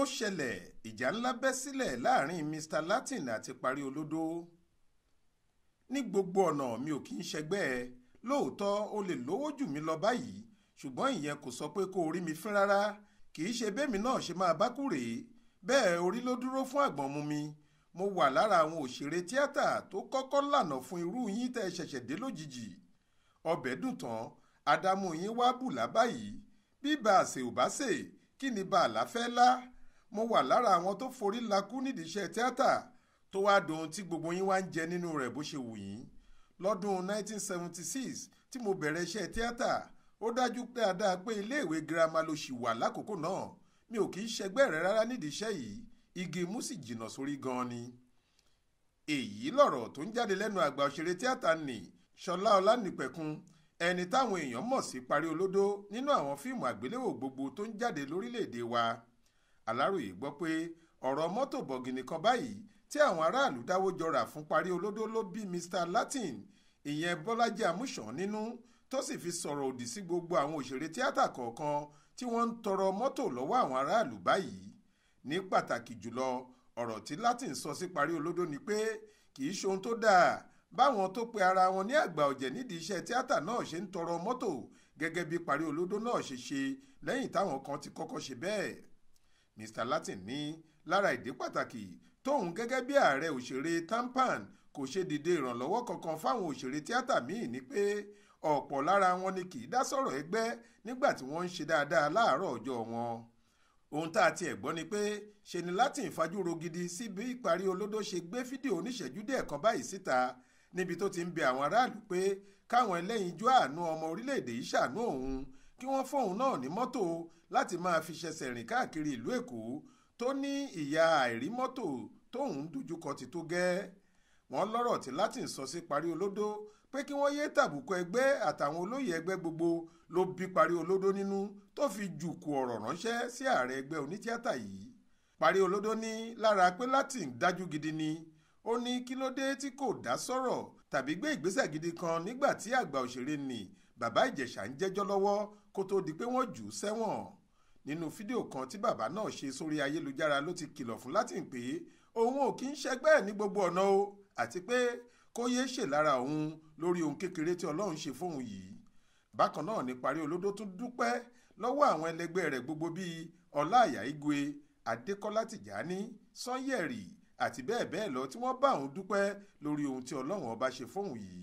ó ṣẹlẹ̀ ìjà ńlá bẹ́ sílẹ̀ láàrin Mr Latin àti Pariolodo ní gbogbo ọ̀nà mi ò kì í ṣẹgbẹ́ ẹ lóòótọ́ o lè lówó jù mí lọ báyìí ṣùgbọ́n ìyẹn kò sọ pé kó o mi fín rárá kì í ṣe bẹ́mi náà ṣe máa bá kú bẹ́ẹ̀ orí ló dúró fún àgbọ̀n mu mi mo wà lára àwọn òṣèré tíátà tó kọ́kọ́ lànà fún irú yín tẹ́ ẹ ṣẹ̀ṣẹ̀ dé lójijì ọbẹ̀ dùn tán àdàmú yín wá bùlá báyìí bí bàṣẹ ò bá ṣe kí ni bàálà fẹ́ lá mo wà lára àwọn tó forí lakú nídìí iṣẹ́ tíátà tó wá dùn tí gbogbo yín wá ń jẹ nínú rẹ̀ bó ṣe wù yín lọ́dún 1976 tí mo bẹ̀rẹ̀ iṣẹ́ tíátà ó dájú dáadáa pé iléèwé girama ló ṣì wà lákòókò náà mi ò kì í ṣẹgbẹ́ rẹ rárá nídìí iṣẹ́ yìí igi mú sì jìnnà sórí gan ni. èyí lọ̀rọ̀ tó ń jáde lẹ́nu àgbà òṣèré tíátà nì ṣọlá ọlánìpẹ̀kun ẹni táwọn èèyàn mọ̀ sí parí olódó nínú àwọn fíìmù àgbéléwò gbogbo tó ń jáde lórílẹ̀ wa aláròye gbọ́ pé ọ̀rọ̀ mọ́tò bọ̀gìnì kan báyìí tí àwọn aráàlú dáwó jọra fún parí olódó ló bí Mr Latin ìyẹn Bọ́lájí Amúṣàn nínú tó sì fi sọ̀rọ̀ òdì sí gbogbo àwọn òṣèré tíátà kọ̀ọ̀kan tí wọ́n ń tọrọ mọ́tò lọ́wọ́ àwọn aráàlú báyìí ní pàtàkì jùlọ ọ̀rọ̀ tí Latin sọ sí parí olódó ni pé kì í ṣohun tó dáa báwọn tó pe ara wọn ní àgbà ọ̀jẹ̀ nídìí iṣẹ́ tíátà náà ṣe ń tọrọ mọ́tò gẹ́gẹ́ bí parí olódó náà ṣe ṣe lẹ́yìn táwọn kan ti kọ́kọ́ ṣe bẹ́ẹ̀ Mr Latin ní lára ìdí pàtàkì tóun gẹ́gẹ́ bí ààrẹ òṣèré tampan kò ṣe dìde ìrànlọ́wọ́ kankan fáwọn òṣèré tíátà míì ni pé ọ̀pọ̀ lára wọn ni kì í dá sọ̀rọ̀ ẹgbẹ́ nígbà tí wọ́n ń ṣe dáadáa láàárọ̀ ọjọ́ wọn ohun tá a tiẹ̀ gbọ́ ni pé ṣe ni Latin fajúro gidi sí bí ìparí olódó ṣe gbé fídíò oníṣẹ́jú díẹ̀ kan báyìí síta níbi tó ti ń bẹ àwọn aráàlú pé káwọn ẹlẹ́yinjú àánú ọmọ orílẹ̀-èdè yìí ṣàánú òun kí wọ́n fóun náà ní mọ́tò láti máa fi ṣẹsẹ̀ rìn káàkiri ìlú èkó tó ní ìyà àìrí mọ́tò tóun dojúkọ ti tó gẹ́ẹ́ wọ́n lọ́rọ̀ tí latin sọ sí parí olódó pé kí wọ́n yéé tàbùkù ẹgbẹ́ àtàwọn olóyè ẹgbẹ́ gbogbo ló bí parí olódó nínú tó fi jùkù ọ̀rọ̀ ránṣẹ́ sí ààrẹ ẹgbẹ́ onítíátà yìí parí olódó ní lára pé latin dájú gidi ni ó ní kí ló dé tí kò dá sọ̀rọ̀ tàbí gbé ìgbésẹ̀ gidi kan nígbà tí àgbà òṣèré nì bàbá ìjẹ̀ṣà ń jẹ́jọ́ lọ́wọ́ kó tóó di pé wọ́n jù ú sẹ́wọ̀n nínú fídíò kan tí bàbá náà ṣe sórí ayélujára ló ti kìlọ̀ fún Latin pé òun ò kí ń ṣẹgbẹ́ ẹ̀ ní gbogbo ọ̀nà o àti pé kó yéé ṣe lára òun lórí ohun kékeré tí ọlọ́run ṣe fóun yìí bákan náà ní parí olódó tún dúpẹ́ lọ́wọ́ àwọn ẹlẹgbẹ́ rẹ̀ gbogbo bíi ọláàyà igwe adékọ́lá tìjání sanyẹ̀rì àti bẹ́ẹ̀ bẹ́ẹ̀ lọ tí wọ́n bá òun dúpẹ́ lórí ohun tí ọlọ́run ọba ṣe fóun yìí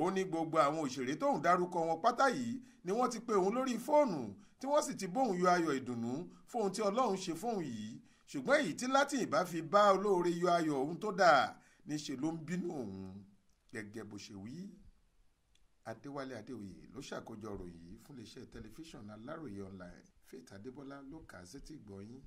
ó ní gbogbo àwọn òṣèré tóun dárúkọ wọn pátá yìí ni wọ́n ti pe òun lórí fóònù tí wọ́n sì ti bóun yọ ayọ̀ ìdùnnú fóun tí ọlọ́run ṣe fóun yìí ṣùgbọ́n èyí tí Latin ìbá fi bá olóore yọ ayọ̀ òun tó dáa níṣẹ́ ló ń bínú òun gẹ́gẹ́ bó ṣe wí. Adéwálé Adéoyè ló ṣàkójọ ọ̀rọ̀ fún iléeṣẹ́ tẹlifíṣàn Aláròye online Faith Adébọ́lá ló kà á sétí gbọ́yìn.